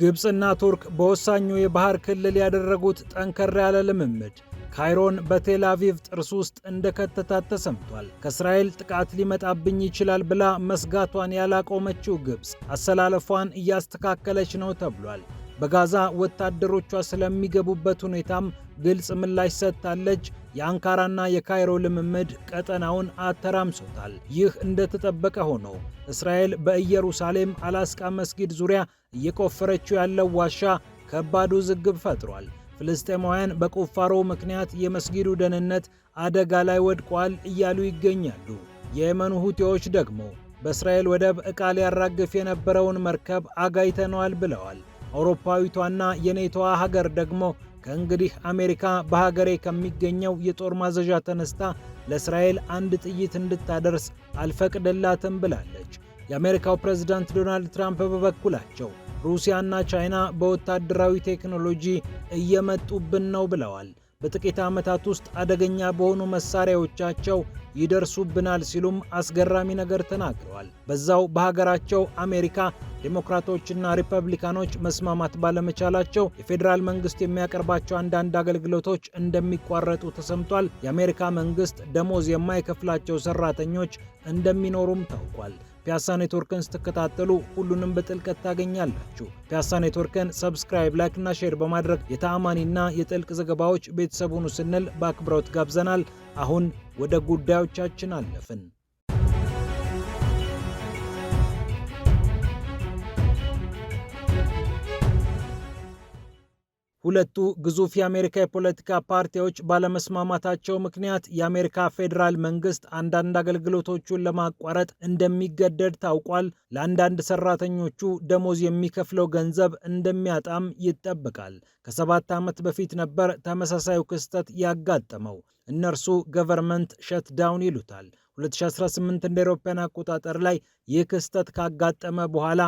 ግብፅና ቱርክ በወሳኙ የባህር ክልል ያደረጉት ጠንከር ያለ ልምምድ ካይሮን በቴል አቪቭ ጥርስ ውስጥ እንደከተታት ተሰምቷል። ከእስራኤል ጥቃት ሊመጣብኝ ይችላል ብላ መስጋቷን ያላቆመችው ግብፅ አሰላለፏን እያስተካከለች ነው ተብሏል። በጋዛ ወታደሮቿ ስለሚገቡበት ሁኔታም ግልጽ ምላሽ ሰጥታለች። የአንካራና የካይሮ ልምምድ ቀጠናውን አተራምሶታል። ይህ እንደተጠበቀ ሆኖ እስራኤል በኢየሩሳሌም አላስቃ መስጊድ ዙሪያ እየቆፈረችው ያለው ዋሻ ከባድ ውዝግብ ፈጥሯል። ፍልስጤማውያን በቁፋሮ ምክንያት የመስጊዱ ደህንነት አደጋ ላይ ወድቋል እያሉ ይገኛሉ። የየመኑ ሁቲዎች ደግሞ በእስራኤል ወደብ ዕቃ ሊያራግፍ የነበረውን መርከብ አጋይተነዋል ብለዋል። አውሮፓዊቷና የኔቶዋ ሀገር ደግሞ ከእንግዲህ አሜሪካ በሀገሬ ከሚገኘው የጦር ማዘዣ ተነስታ ለእስራኤል አንድ ጥይት እንድታደርስ አልፈቅድላትም ብላለች። የአሜሪካው ፕሬዝዳንት ዶናልድ ትራምፕ በበኩላቸው ሩሲያና ቻይና በወታደራዊ ቴክኖሎጂ እየመጡብን ነው ብለዋል። በጥቂት ዓመታት ውስጥ አደገኛ በሆኑ መሳሪያዎቻቸው ይደርሱብናል ሲሉም አስገራሚ ነገር ተናግረዋል። በዛው በሀገራቸው አሜሪካ ዴሞክራቶችና ሪፐብሊካኖች መስማማት ባለመቻላቸው የፌዴራል መንግስት የሚያቀርባቸው አንዳንድ አገልግሎቶች እንደሚቋረጡ ተሰምቷል። የአሜሪካ መንግስት ደሞዝ የማይከፍላቸው ሰራተኞች እንደሚኖሩም ታውቋል። ፒያሳ ኔትወርክን ስትከታተሉ ሁሉንም በጥልቀት ታገኛላችሁ። ፒያሳ ኔትወርክን ሰብስክራይብ፣ ላይክና ሼር በማድረግ የተአማኒና የጥልቅ ዘገባዎች ቤተሰብ ሁኑ ስንል በአክብሮት ጋብዘናል። አሁን ወደ ጉዳዮቻችን አለፍን። ሁለቱ ግዙፍ የአሜሪካ የፖለቲካ ፓርቲዎች ባለመስማማታቸው ምክንያት የአሜሪካ ፌዴራል መንግስት አንዳንድ አገልግሎቶቹን ለማቋረጥ እንደሚገደድ ታውቋል። ለአንዳንድ ሰራተኞቹ ደሞዝ የሚከፍለው ገንዘብ እንደሚያጣም ይጠበቃል። ከሰባት ዓመት በፊት ነበር ተመሳሳዩ ክስተት ያጋጠመው። እነርሱ ገቨርመንት ሸት ዳውን ይሉታል። 2018 እንደ አውሮፓውያን አቆጣጠር ላይ ይህ ክስተት ካጋጠመ በኋላ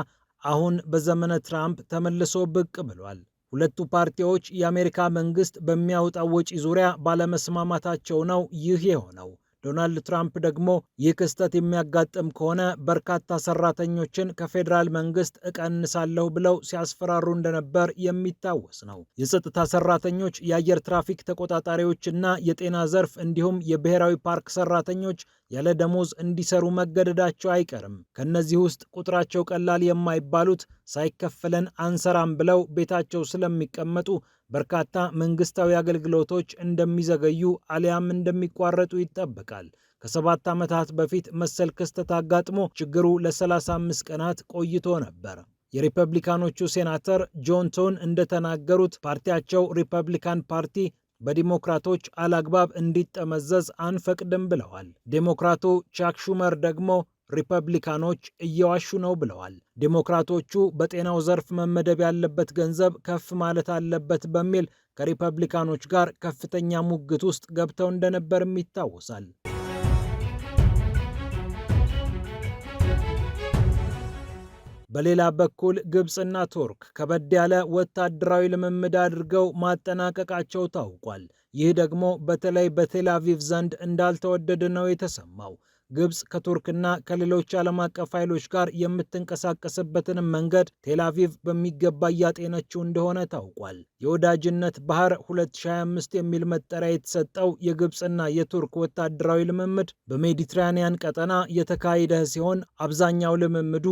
አሁን በዘመነ ትራምፕ ተመልሶ ብቅ ብሏል። ሁለቱ ፓርቲዎች የአሜሪካ መንግስት በሚያወጣው ወጪ ዙሪያ ባለመስማማታቸው ነው ይህ የሆነው። ዶናልድ ትራምፕ ደግሞ ይህ ክስተት የሚያጋጥም ከሆነ በርካታ ሰራተኞችን ከፌዴራል መንግስት እቀንሳለሁ ብለው ሲያስፈራሩ እንደነበር የሚታወስ ነው። የጸጥታ ሰራተኞች፣ የአየር ትራፊክ ተቆጣጣሪዎች እና የጤና ዘርፍ እንዲሁም የብሔራዊ ፓርክ ሰራተኞች ያለ ደሞዝ እንዲሰሩ መገደዳቸው አይቀርም። ከእነዚህ ውስጥ ቁጥራቸው ቀላል የማይባሉት ሳይከፈለን አንሰራም ብለው ቤታቸው ስለሚቀመጡ በርካታ መንግስታዊ አገልግሎቶች እንደሚዘገዩ አሊያም እንደሚቋረጡ ይጠበቃል። ከሰባት ዓመታት በፊት መሰል ክስተት አጋጥሞ ችግሩ ለ35 ቀናት ቆይቶ ነበር። የሪፐብሊካኖቹ ሴናተር ጆንቶን እንደተናገሩት ፓርቲያቸው ሪፐብሊካን ፓርቲ በዲሞክራቶች አላግባብ እንዲጠመዘዝ አንፈቅድም ብለዋል። ዴሞክራቱ ቻክ ሹመር ደግሞ ሪፐብሊካኖች እየዋሹ ነው ብለዋል። ዲሞክራቶቹ በጤናው ዘርፍ መመደብ ያለበት ገንዘብ ከፍ ማለት አለበት በሚል ከሪፐብሊካኖች ጋር ከፍተኛ ሙግት ውስጥ ገብተው እንደነበርም ይታወሳል። በሌላ በኩል ግብፅና ቱርክ ከበድ ያለ ወታደራዊ ልምምድ አድርገው ማጠናቀቃቸው ታውቋል። ይህ ደግሞ በተለይ በቴል አቪቭ ዘንድ እንዳልተወደደ ነው የተሰማው። ግብጽ ከቱርክና ከሌሎች ዓለም አቀፍ ኃይሎች ጋር የምትንቀሳቀስበትን መንገድ ቴላቪቭ በሚገባ እያጤነችው እንደሆነ ታውቋል። የወዳጅነት ባህር 2025 የሚል መጠሪያ የተሰጠው የግብጽና የቱርክ ወታደራዊ ልምምድ በሜዲትራኒያን ቀጠና የተካሄደ ሲሆን አብዛኛው ልምምዱ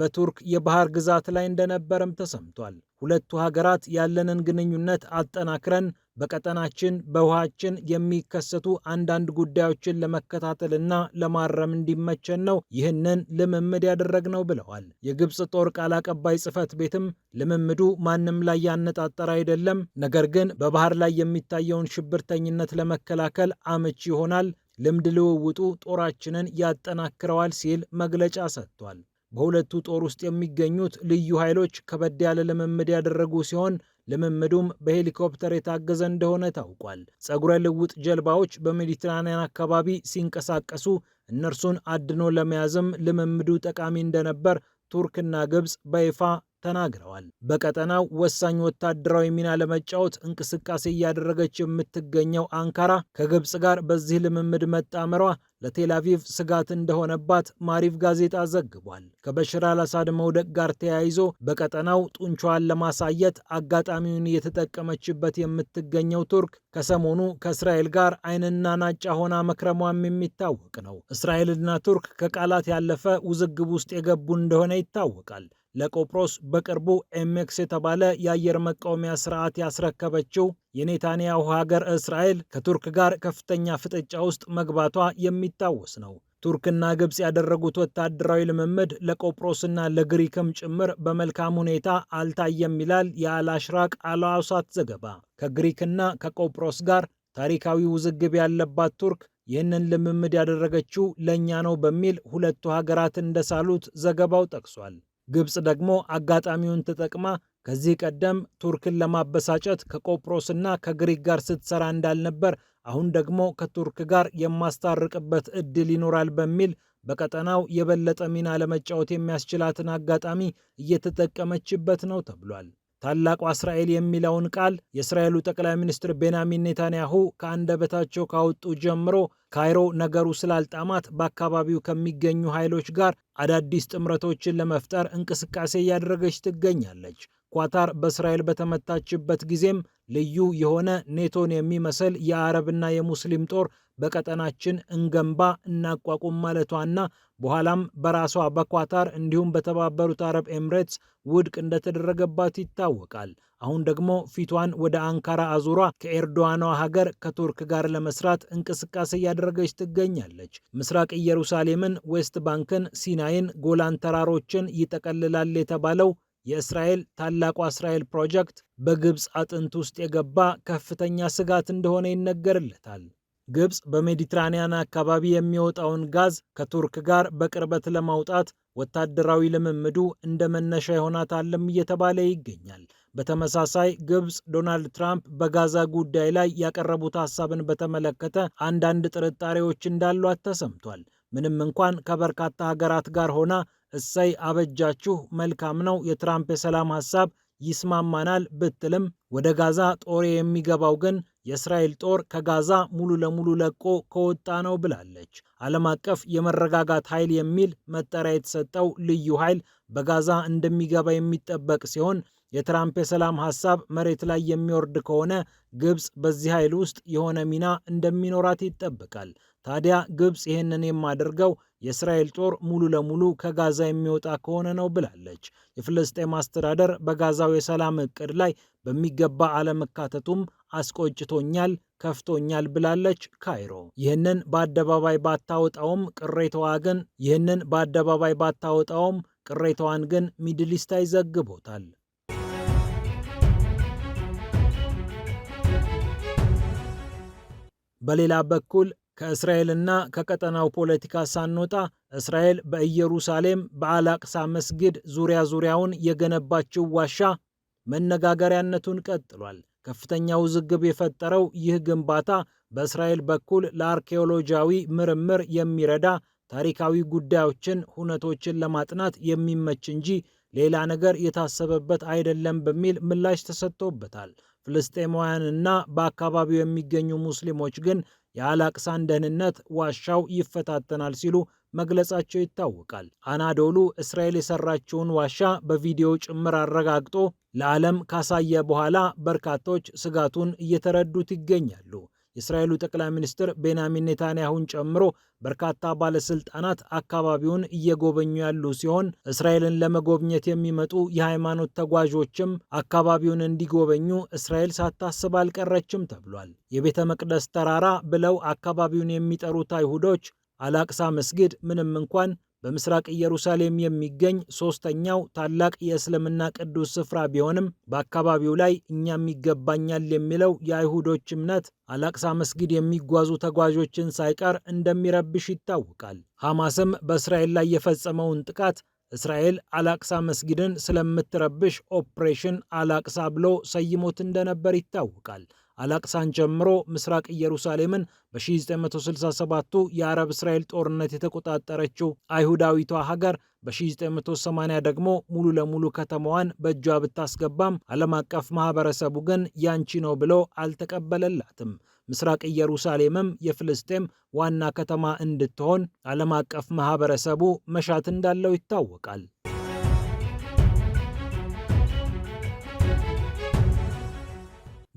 በቱርክ የባህር ግዛት ላይ እንደነበረም ተሰምቷል። ሁለቱ ሀገራት ያለንን ግንኙነት አጠናክረን በቀጠናችን በውሃችን የሚከሰቱ አንዳንድ ጉዳዮችን ለመከታተልና ለማረም እንዲመቸን ነው ይህንን ልምምድ ያደረግነው ብለዋል። የግብፅ ጦር ቃል አቀባይ ጽህፈት ቤትም ልምምዱ ማንም ላይ ያነጣጠረ አይደለም፣ ነገር ግን በባህር ላይ የሚታየውን ሽብርተኝነት ለመከላከል አመቺ ይሆናል፣ ልምድ ልውውጡ ጦራችንን ያጠናክረዋል ሲል መግለጫ ሰጥቷል። በሁለቱ ጦር ውስጥ የሚገኙት ልዩ ኃይሎች ከበድ ያለ ልምምድ ያደረጉ ሲሆን ልምምዱም በሄሊኮፕተር የታገዘ እንደሆነ ታውቋል። ጸጉረ ልውጥ ጀልባዎች በሜዲትራኒያን አካባቢ ሲንቀሳቀሱ እነርሱን አድኖ ለመያዝም ልምምዱ ጠቃሚ እንደነበር ቱርክና ግብፅ በይፋ ተናግረዋል። በቀጠናው ወሳኝ ወታደራዊ ሚና ለመጫወት እንቅስቃሴ እያደረገች የምትገኘው አንካራ ከግብፅ ጋር በዚህ ልምምድ መጣመሯ ለቴላቪቭ ስጋት እንደሆነባት ማሪፍ ጋዜጣ ዘግቧል። ከበሽር አልአሳድ መውደቅ ጋር ተያይዞ በቀጠናው ጡንቿን ለማሳየት አጋጣሚውን እየተጠቀመችበት የምትገኘው ቱርክ ከሰሞኑ ከእስራኤል ጋር ዓይንና ናጫ ሆና መክረሟም የሚታወቅ ነው። እስራኤልና ቱርክ ከቃላት ያለፈ ውዝግብ ውስጥ የገቡ እንደሆነ ይታወቃል። ለቆጵሮስ በቅርቡ ኤምኤክስ የተባለ የአየር መቃወሚያ ስርዓት ያስረከበችው የኔታንያሁ ሀገር እስራኤል ከቱርክ ጋር ከፍተኛ ፍጥጫ ውስጥ መግባቷ የሚታወስ ነው። ቱርክና ግብፅ ያደረጉት ወታደራዊ ልምምድ ለቆጵሮስና ለግሪክም ጭምር በመልካም ሁኔታ አልታየም ይላል የአልአሽራቅ አልአውሳት ዘገባ። ከግሪክና ከቆጵሮስ ጋር ታሪካዊ ውዝግብ ያለባት ቱርክ ይህንን ልምምድ ያደረገችው ለእኛ ነው በሚል ሁለቱ ሀገራት እንደሳሉት ዘገባው ጠቅሷል። ግብፅ ደግሞ አጋጣሚውን ተጠቅማ ከዚህ ቀደም ቱርክን ለማበሳጨት ከቆጵሮስና ከግሪክ ጋር ስትሰራ እንዳልነበር አሁን ደግሞ ከቱርክ ጋር የማስታርቅበት እድል ይኖራል በሚል በቀጠናው የበለጠ ሚና ለመጫወት የሚያስችላትን አጋጣሚ እየተጠቀመችበት ነው ተብሏል። ታላቁ እስራኤል የሚለውን ቃል የእስራኤሉ ጠቅላይ ሚኒስትር ቤንያሚን ኔታንያሁ ከአንደበታቸው ካወጡ ጀምሮ ካይሮ ነገሩ ስላልጣማት በአካባቢው ከሚገኙ ኃይሎች ጋር አዳዲስ ጥምረቶችን ለመፍጠር እንቅስቃሴ እያደረገች ትገኛለች። ኳታር በእስራኤል በተመታችበት ጊዜም ልዩ የሆነ ኔቶን የሚመስል የአረብና የሙስሊም ጦር በቀጠናችን እንገንባ እናቋቁም ማለቷና በኋላም በራሷ በኳታር እንዲሁም በተባበሩት አረብ ኤምሬትስ ውድቅ እንደተደረገባት ይታወቃል። አሁን ደግሞ ፊቷን ወደ አንካራ አዙሯ ከኤርዶዋኗ ሀገር ከቱርክ ጋር ለመስራት እንቅስቃሴ እያደረገች ትገኛለች። ምስራቅ ኢየሩሳሌምን፣ ዌስት ባንክን፣ ሲናይን፣ ጎላን ተራሮችን ይጠቀልላል የተባለው የእስራኤል ታላቁ እስራኤል ፕሮጀክት በግብፅ አጥንት ውስጥ የገባ ከፍተኛ ስጋት እንደሆነ ይነገርለታል። ግብፅ በሜዲትራኒያን አካባቢ የሚወጣውን ጋዝ ከቱርክ ጋር በቅርበት ለማውጣት ወታደራዊ ልምምዱ እንደ መነሻ ይሆናታልም እየተባለ ይገኛል። በተመሳሳይ ግብፅ ዶናልድ ትራምፕ በጋዛ ጉዳይ ላይ ያቀረቡት ሀሳብን በተመለከተ አንዳንድ ጥርጣሬዎች እንዳሏት ተሰምቷል። ምንም እንኳን ከበርካታ ሀገራት ጋር ሆና እሰይ አበጃችሁ መልካም ነው፣ የትራምፕ የሰላም ሀሳብ ይስማማናል ብትልም ወደ ጋዛ ጦሬ የሚገባው ግን የእስራኤል ጦር ከጋዛ ሙሉ ለሙሉ ለቆ ከወጣ ነው ብላለች። ዓለም አቀፍ የመረጋጋት ኃይል የሚል መጠሪያ የተሰጠው ልዩ ኃይል በጋዛ እንደሚገባ የሚጠበቅ ሲሆን የትራምፕ የሰላም ሀሳብ መሬት ላይ የሚወርድ ከሆነ ግብፅ በዚህ ኃይል ውስጥ የሆነ ሚና እንደሚኖራት ይጠበቃል። ታዲያ ግብፅ ይህንን የማደርገው የእስራኤል ጦር ሙሉ ለሙሉ ከጋዛ የሚወጣ ከሆነ ነው ብላለች። የፍልስጤም አስተዳደር በጋዛው የሰላም እቅድ ላይ በሚገባ አለመካተቱም አስቆጭቶኛል፣ ከፍቶኛል ብላለች ካይሮ። ይህንን በአደባባይ ባታወጣውም ቅሬታዋ ግን ይህንን በአደባባይ ባታወጣውም ቅሬታዋን ግን ሚድሊስት ይዘግቦታል። በሌላ በኩል ከእስራኤልና ከቀጠናው ፖለቲካ ሳንወጣ እስራኤል በኢየሩሳሌም በአላቅሳ መስጊድ ዙሪያ ዙሪያውን የገነባችው ዋሻ መነጋገሪያነቱን ቀጥሏል። ከፍተኛ ውዝግብ የፈጠረው ይህ ግንባታ በእስራኤል በኩል ለአርኪኦሎጂያዊ ምርምር የሚረዳ ታሪካዊ ጉዳዮችን፣ ሁነቶችን ለማጥናት የሚመች እንጂ ሌላ ነገር የታሰበበት አይደለም በሚል ምላሽ ተሰጥቶበታል። ፍልስጤማውያንና በአካባቢው የሚገኙ ሙስሊሞች ግን የአላቅሳን ደህንነት ዋሻው ይፈታተናል ሲሉ መግለጻቸው ይታወቃል። አናዶሉ እስራኤል የሰራችውን ዋሻ በቪዲዮ ጭምር አረጋግጦ ለዓለም ካሳየ በኋላ በርካቶች ስጋቱን እየተረዱት ይገኛሉ። የእስራኤሉ ጠቅላይ ሚኒስትር ቤንያሚን ኔታንያሁን ጨምሮ በርካታ ባለስልጣናት አካባቢውን እየጎበኙ ያሉ ሲሆን እስራኤልን ለመጎብኘት የሚመጡ የሃይማኖት ተጓዦችም አካባቢውን እንዲጎበኙ እስራኤል ሳታስብ አልቀረችም ተብሏል። የቤተ መቅደስ ተራራ ብለው አካባቢውን የሚጠሩት አይሁዶች አላቅሳ መስጊድ ምንም እንኳን በምስራቅ ኢየሩሳሌም የሚገኝ ሶስተኛው ታላቅ የእስልምና ቅዱስ ስፍራ ቢሆንም በአካባቢው ላይ እኛም ይገባኛል የሚለው የአይሁዶች እምነት አላቅሳ መስጊድ የሚጓዙ ተጓዦችን ሳይቀር እንደሚረብሽ ይታወቃል። ሐማስም በእስራኤል ላይ የፈጸመውን ጥቃት እስራኤል አላቅሳ መስጊድን ስለምትረብሽ ኦፕሬሽን አላቅሳ ብሎ ሰይሞት እንደነበር ይታወቃል። አላቅሳን ጀምሮ ምስራቅ ኢየሩሳሌምን በ1967ቱ የአረብ እስራኤል ጦርነት የተቆጣጠረችው አይሁዳዊቷ ሀገር በ1980 ደግሞ ሙሉ ለሙሉ ከተማዋን በእጇ ብታስገባም ዓለም አቀፍ ማህበረሰቡ ግን ያንቺ ነው ብሎ አልተቀበለላትም። ምስራቅ ኢየሩሳሌምም የፍልስጤም ዋና ከተማ እንድትሆን ዓለም አቀፍ ማህበረሰቡ መሻት እንዳለው ይታወቃል።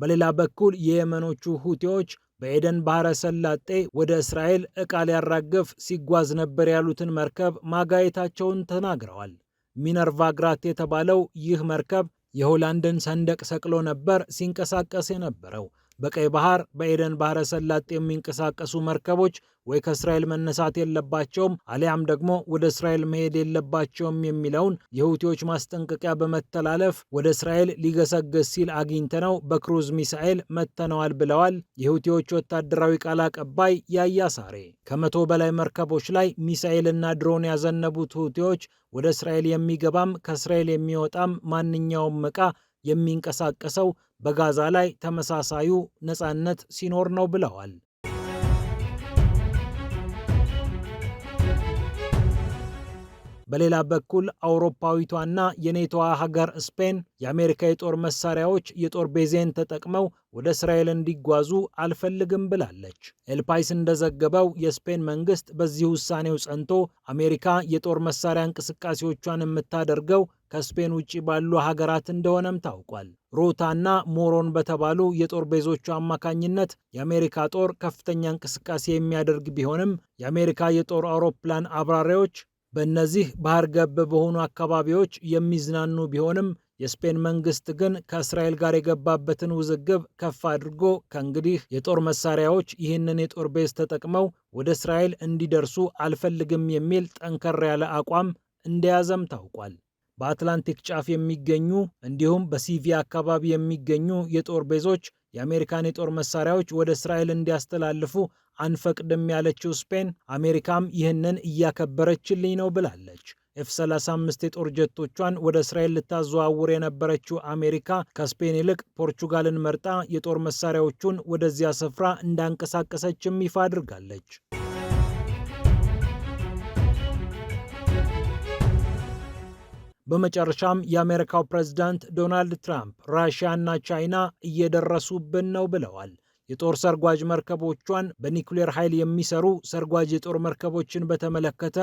በሌላ በኩል የየመኖቹ ሁቲዎች በኤደን ባህረ ሰላጤ ወደ እስራኤል ዕቃ ሊያራግፍ ሲጓዝ ነበር ያሉትን መርከብ ማጋየታቸውን ተናግረዋል። ሚነርቫ ግራት የተባለው ይህ መርከብ የሆላንድን ሰንደቅ ሰቅሎ ነበር ሲንቀሳቀስ የነበረው። በቀይ ባህር በኤደን ባህረ ሰላጤ የሚንቀሳቀሱ መርከቦች ወይ ከእስራኤል መነሳት የለባቸውም አሊያም ደግሞ ወደ እስራኤል መሄድ የለባቸውም የሚለውን የሁቲዎች ማስጠንቀቂያ በመተላለፍ ወደ እስራኤል ሊገሰገስ ሲል አግኝተነው በክሩዝ ሚሳኤል መተነዋል ብለዋል የሁቲዎች ወታደራዊ ቃል አቀባይ ያያ ሳሬ። ከመቶ በላይ መርከቦች ላይ ሚሳኤልና ድሮን ያዘነቡት ሁቲዎች ወደ እስራኤል የሚገባም ከእስራኤል የሚወጣም ማንኛውም ዕቃ የሚንቀሳቀሰው በጋዛ ላይ ተመሳሳዩ ነጻነት ሲኖር ነው ብለዋል። በሌላ በኩል አውሮፓዊቷና የኔቶዋ ሀገር ስፔን የአሜሪካ የጦር መሳሪያዎች የጦር ቤዜን ተጠቅመው ወደ እስራኤል እንዲጓዙ አልፈልግም ብላለች። ኤልፓይስ እንደዘገበው የስፔን መንግስት በዚህ ውሳኔው ጸንቶ አሜሪካ የጦር መሳሪያ እንቅስቃሴዎቿን የምታደርገው ከስፔን ውጭ ባሉ ሀገራት እንደሆነም ታውቋል። ሮታና ሞሮን በተባሉ የጦር ቤዞቹ አማካኝነት የአሜሪካ ጦር ከፍተኛ እንቅስቃሴ የሚያደርግ ቢሆንም የአሜሪካ የጦር አውሮፕላን አብራሪዎች በእነዚህ ባህር ገብ በሆኑ አካባቢዎች የሚዝናኑ ቢሆንም የስፔን መንግስት ግን ከእስራኤል ጋር የገባበትን ውዝግብ ከፍ አድርጎ ከእንግዲህ የጦር መሳሪያዎች ይህንን የጦር ቤዝ ተጠቅመው ወደ እስራኤል እንዲደርሱ አልፈልግም የሚል ጠንከር ያለ አቋም እንደያዘም ታውቋል። በአትላንቲክ ጫፍ የሚገኙ እንዲሁም በሲቪያ አካባቢ የሚገኙ የጦር ቤዞች የአሜሪካን የጦር መሳሪያዎች ወደ እስራኤል እንዲያስተላልፉ አንፈቅድም ያለችው ስፔን አሜሪካም ይህንን እያከበረችልኝ ነው ብላለች። ኤፍ 35 የጦር ጀቶቿን ወደ እስራኤል ልታዘዋውር የነበረችው አሜሪካ ከስፔን ይልቅ ፖርቹጋልን መርጣ የጦር መሳሪያዎቹን ወደዚያ ስፍራ እንዳንቀሳቀሰችም ይፋ አድርጋለች። በመጨረሻም የአሜሪካው ፕሬዝዳንት ዶናልድ ትራምፕ ራሽያና ቻይና እየደረሱብን ነው ብለዋል። የጦር ሰርጓጅ መርከቦቿን በኒኩሌር ኃይል የሚሰሩ ሰርጓጅ የጦር መርከቦችን በተመለከተ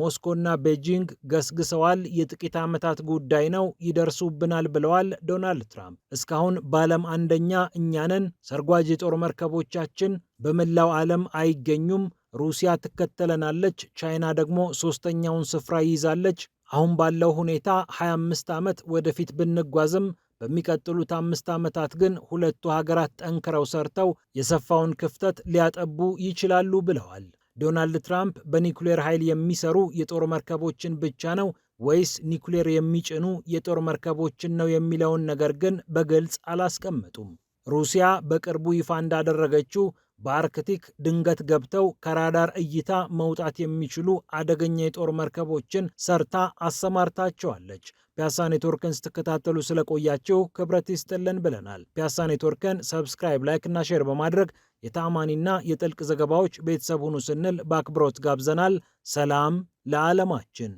ሞስኮና ቤጂንግ ገስግሰዋል። የጥቂት ዓመታት ጉዳይ ነው፣ ይደርሱብናል ብለዋል ዶናልድ ትራምፕ። እስካሁን በዓለም አንደኛ እኛንን፣ ሰርጓጅ የጦር መርከቦቻችን በመላው ዓለም አይገኙም፣ ሩሲያ ትከተለናለች፣ ቻይና ደግሞ ሦስተኛውን ስፍራ ይይዛለች። አሁን ባለው ሁኔታ 25 ዓመት ወደፊት ብንጓዝም በሚቀጥሉት አምስት ዓመታት ግን ሁለቱ ሀገራት ጠንክረው ሰርተው የሰፋውን ክፍተት ሊያጠቡ ይችላሉ ብለዋል። ዶናልድ ትራምፕ በኒኩሌር ኃይል የሚሰሩ የጦር መርከቦችን ብቻ ነው ወይስ ኒኩሌር የሚጭኑ የጦር መርከቦችን ነው የሚለውን ነገር ግን በግልጽ አላስቀመጡም። ሩሲያ በቅርቡ ይፋ እንዳደረገችው በአርክቲክ ድንገት ገብተው ከራዳር እይታ መውጣት የሚችሉ አደገኛ የጦር መርከቦችን ሰርታ አሰማርታቸዋለች። ፒያሳ ኔትወርክን ስትከታተሉ ስለቆያችሁ ክብረት ይስጥልን ብለናል። ፒያሳ ኔትወርክን ሰብስክራይብ፣ ላይክ እና ሼር በማድረግ የታማኒና የጥልቅ ዘገባዎች ቤተሰብ ሁኑ ስንል በአክብሮት ጋብዘናል። ሰላም ለዓለማችን።